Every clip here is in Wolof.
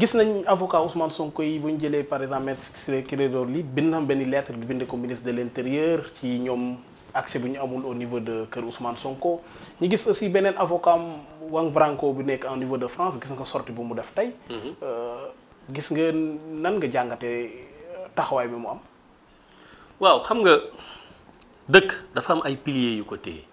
gis nañ avocat Ousmane Sonko yi bu ñu jëlee par exemple maître Ciré Clédor Ly bind na benn lettre bi bind ko ministre de l'intérieur ci ñoom accès bu ñu amul au niveau de kër Ousmane Sonko ñu gis aussi beneen avocat Juan Branco bu nekk au niveau de France gis nga sortie bu mu def tey. Mhm. Euh, gis nga nan nga jàngatee euh, taxawaay bi mu am. waaw xam nga dëkk dafa am ay piliers yu ko téye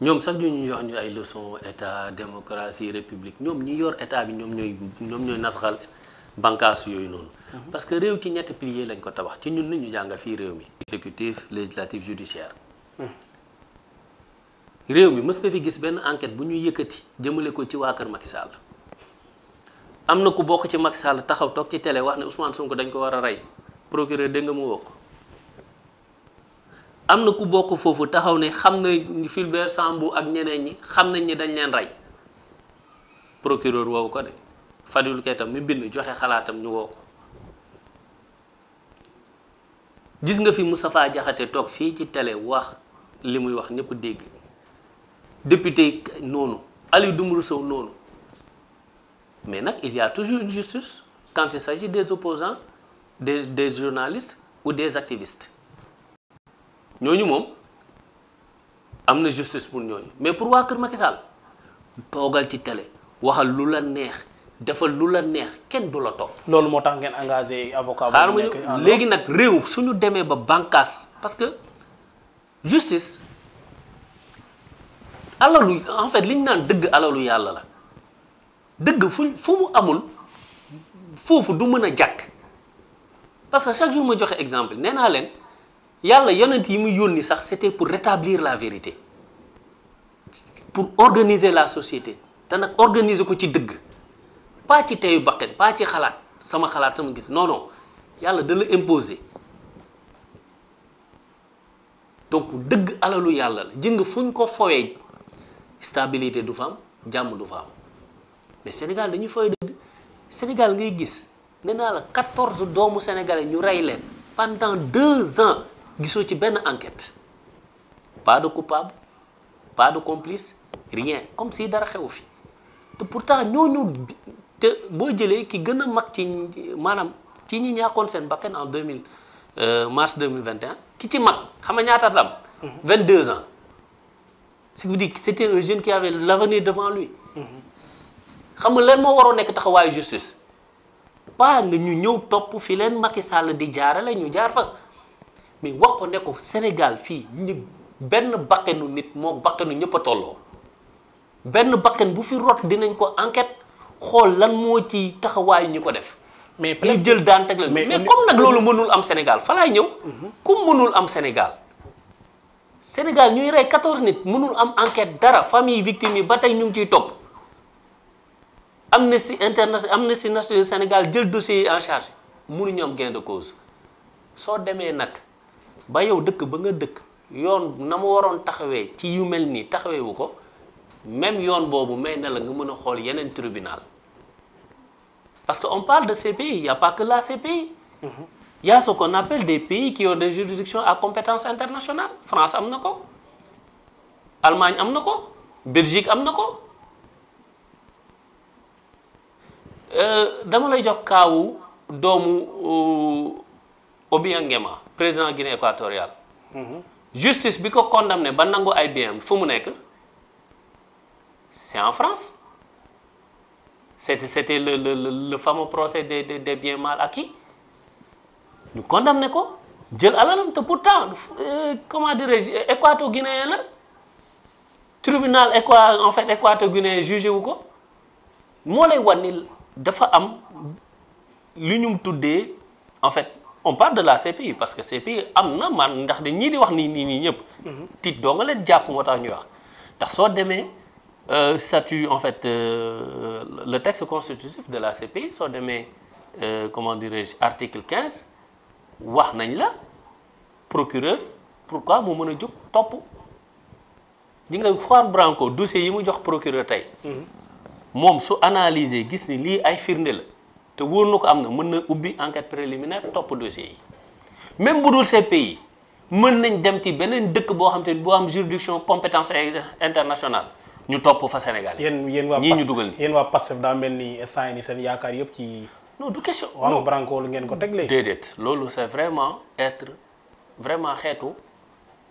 ñoom sax ñu ñu jox ñu ay leçon état démocratie république ñoom ñi yor état bi ñoom ñooy ñoom ñooy nasaxal bànqaas yooyu noonu. Mhm. parce que réew ci ñetti pilier lañ ko tabax ci ñun nit ñu jàng fii réew mi. exécutif législatif judiciaire. Mhm. réew mi mës nga fi gis benn enquête bu ñuy yëkkati jëmmale ko ci waa kër Macky am na ku bokk ci Macky Sall taxaw toog ci télé wax ne Ousmane Sonko dañ ko war a rey procureur dégg nga mu woo ko am na ku bokk foofu taxaw ne xam na Fulbert sambu ak ñeneen ñi xam nañ ni dañ leen rey procureur woowu ko de Fadilou Keita mi bind joxe xalaatam ñu woo ko gis nga fi mu Moustapha Diakhaté toog fii ci tele wax li muy wax ñëpp dégg député noonu Aliou Dembourou Sow noonu mais nag il y toujours une justice quand il des opposants des des journalistes ou des activistes ñooñu moom am na justice pour ñooñu mais pour waa Kër Macky Sall toogal ci télé waxal lu la neex defal lu la neex kenn du la topp. loolu moo tax ngeen engagé avocat. bu nekk léegi nag réew suñu demee ba bànkaas parce que justice alalu en fait li ñu naan dëgg alalu yàlla la dëgg fu fu mu amul foofu du mën a jàkk parce que chaque jour ma joxe exemple nee naa leen. yàlla yonent yi muy yónni sax c'était pour rétablir la vérité pour organiser la société te nag organiser ko ci dëgg pas ci teyu bakkan pas ci xalaat sama xalaat sama gis non yàlla da la imposer donc dëgg alalu yàlla la jëng fuñ ko foyee stabilité du fa am jàmm du fa am mais Sénégal dañuy foyee dëgg Sénégal ngay gis nee naa la quatorze doomu sénégalais ñu rey leen pendant deux ans. gisoo ci benn enquête pas de coupable pas de complice rien comme si dara xewu fii te pourtant ñooñu te boo jëlee ki gën a mag ci maanaam ci ñi ñàkkoon seen bakkan en 2000 euh, vingt 2021 ki ci mag xam nga ñaata la am 22 mm-hmm. ans ce qui veut dire c'était un jeune qui avait l'avenir devant lui mm-hmm. xam nga leen moo waroon nekk taxawaayu justice pas nga ñu ñëw topp fii leen Macky sàll di jaarale ñu jaar fa mais wax ko ne ko Sénégal fii ñu benn bakkanu nit moo bakkanu ñëpp a tolloo benn bakkan bu fi rot dinañ ko enquête xool lan moo ci taxawaay ñu ko def. mais ñu jël daan teg la mais comme nag loolu mënul am Sénégal fa ñëw. Mhm. ku mënul am Sénégal. Sénégal ñuy rey 14 nit mënul am enquête dara famille victime yi ba tey ñu ngi ciy topp. Amnesty International Amnesty National Sénégal jël dossier yi en charge mënuñu am gain de cause soo demee nag. ba yow dëkk ba nga dëkk yoon na mu waroon taxawee ci yu mel nii taxawee wu ko même yoon boobu may na la nga mën a xool yeneen tribunal parce que on parle de CPI y a pas que la CPI. Mm-hmm. y a ce qu'on appelle des pays qui ont des juridictions à compétence internationale France am na ko Allemagne am na ko Belgique am na ko. Euh, dama lay jox kaawu doomu euh, Obiangema président Guinée équatoriale. Mhm. justice bi ko condamné ba nangu ay biens fu mu nekk c'est en France c'était c'était le le le fameux procès des des des mal acquis ñu condamné ko jël alalam te pourtant euh, comment dirais-je équato guinéen la tribunal équa en fait équato guinéen jugé wu ko moo lay wan dafa am lu ñu tuddee en fait. on parle de la CPI parce que CPI am na man ndax de ñii di wax nii nii nii ñëpp. tiit doo nga leen jàpp moo tax ñuy wax ndax soo demee euh, statut en fait euh, le constitutif de la CPI soo demee euh, comment dirais-je article 15 wax nañ la procureur pourquoi mu mën a jóg topp ñi nga Branco dossier yi mu jox procureur tey. Mm-hmm. moom su analyser gis ni lii ay firnde la. te wóor na ko am na mën na ubbi enquête préliminaire topp dossier yi même bu dul ces pays mën nañ dem ti beneen dëkk boo xam te boo am juridiction compétence internationale ñu topp fa Sénégal yéen yéen waa ñii ñu dugal nii yéen waa Pastef daa mel ni instant seen yaakaar yëpp ci. non du question non branco lu ngeen ko teg léegi. déedéet loolu c'est vraiment être vraiment xeetu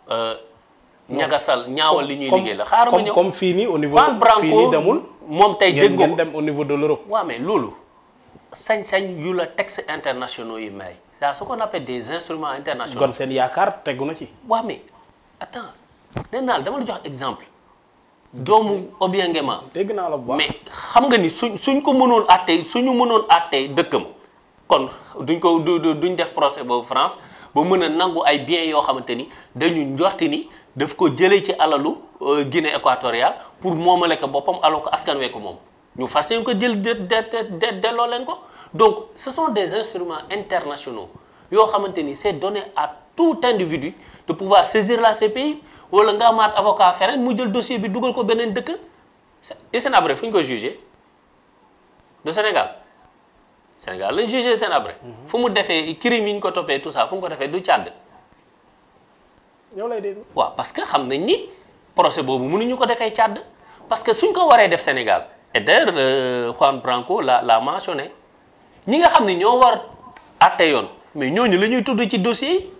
euh, ñagasal ñaawal li ñuy liggéey la. xaaral ma ñëw comme comme fii nii au niveau. fii nii demul moom tey dégg nga dem au niveau de l'Europe. waaw mais loolu. sañ-sañ yu la textes internationaux yi may daa ce qu'on appelle des instruments internationaux. kon seen yaakaar tegu na ci. waaw mais attends nee naa dama la jox exemple. doomu Obiang ma. dégg naa la bu baax mais xam nga ni suñ suñ ko mënoon àttee suñu mënoon àttee dëkkam kon duñ ko duñ def procès boobu France ba mën a nangu ay biens yoo xamante ni dañu njorti ni daf ko jëlee ci alalu euh, Guinée équatoriale pour moomale ko boppam aloo ko askan wee ko moom. ñu fas yéene ko jël de de delloo leen ko donc ce sont des instruments internationaux yoo xamante ni c'est donné à tout individu de pouvoir saisir la CPI wala nga amaat avocat feneen mu jël dossier bi dugal ko beneen dëkk Hissène Habré fu ñu ko jugé du Sénégal Sénégal lañ jugé Hissène Habré mhm. fu mu defee crime yi ñu ko toppee tout ça fu mu ko defee du Tchad. ñoo lay déglu waaw parce que xam nañ ni procès boobu mënuñu ko defee Tchad parce que suñ ko waree def Sénégal. et d'ailleurs euh, Juan Branco la la mentionné ñi nga xam ni ñoo war àtte yoon mais ñooñu la ñuy tudd ci dossier yi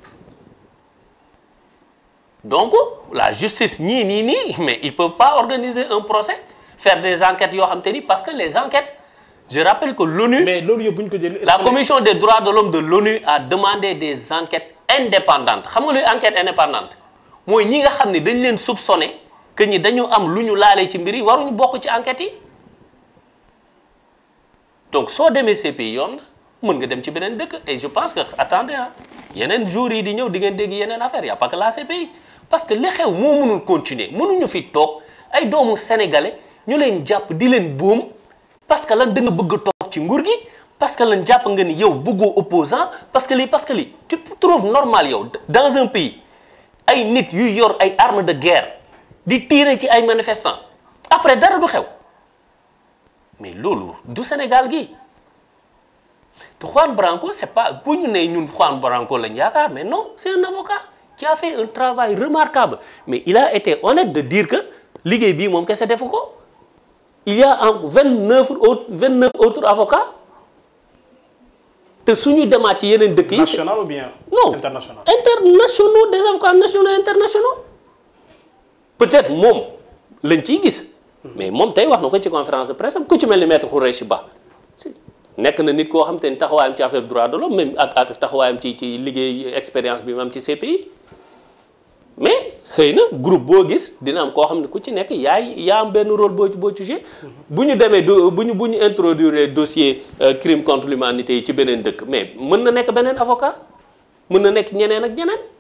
donc la justice ñii nii nii mais ils peuvent pas organiser un procès fair des enquêtes yoo xam te ni parce que les enquêtes je rappelle que l'ONU mais loolu yëpp bu ñu ko jëlee la commission des droits de l'homme de l'ONU a demander des enquêtes indépendantes xam nga luy enquête indépendante mooy ñi nga xam ni dañ leen soupçonné que ñi dañu am lu ñu laalee ci mbir yi waruñu bokk ci enquêtes yi donc soo demee ces yoon na mën nga dem ci beneen dëkk et je pense que attendez ah yeneen jours yi di ñëw di ngeen dégg yeneen affaire y a pas que la CPI parce que li xew moo mënul continuer ñu fi toog ay doomu sénégalais ñu leen jàpp di leen boom parce que lan da nga bëgg a toog ci nguur gi parce que lan jàpp nga ni yow bëggoo opposant parce que lii parce que lii tu trouves normal yow dans en pays ay nit yu yor ay arme de guerre di tirer ci ay manifestants après dara du xew mais loolu du Sénégal gi te Juan Branco c'est pas bu ñu nee ñu Juan Branco lañ yaakaar mais non c'est un avocat qui a fait un travail remarquable mais il a été honnête de dire que liggéey bii moom kese defu ko il y a en vingt-neuf autres vingt-neuf autres avocats te suñu demaat ci yeneen dëkk yi. national bien non international internationaux des avocats nationaux internationaux peut moom lañ ciy gis. mais moom tey wax na ko ci conférence de presse am ku ci mel ni maître Khoureychi Ba nekk na nit koo xam te ni taxawaayam ci affaire droit de l'homme même ak ak taxawaayam ci liggéey expérience bi mu am ci CPI mais xëy na groupe boo gis dina am koo xam ne ku ci nekk yaay yaa am benn rôle boo boo ci joué bu ñu demee do bu ñu bu ñu introduire dossier euh, crime contre l'humanité yi ci beneen dëkk mais mën na nekk beneen avocat mën na nekk ñeneen ak ñeneen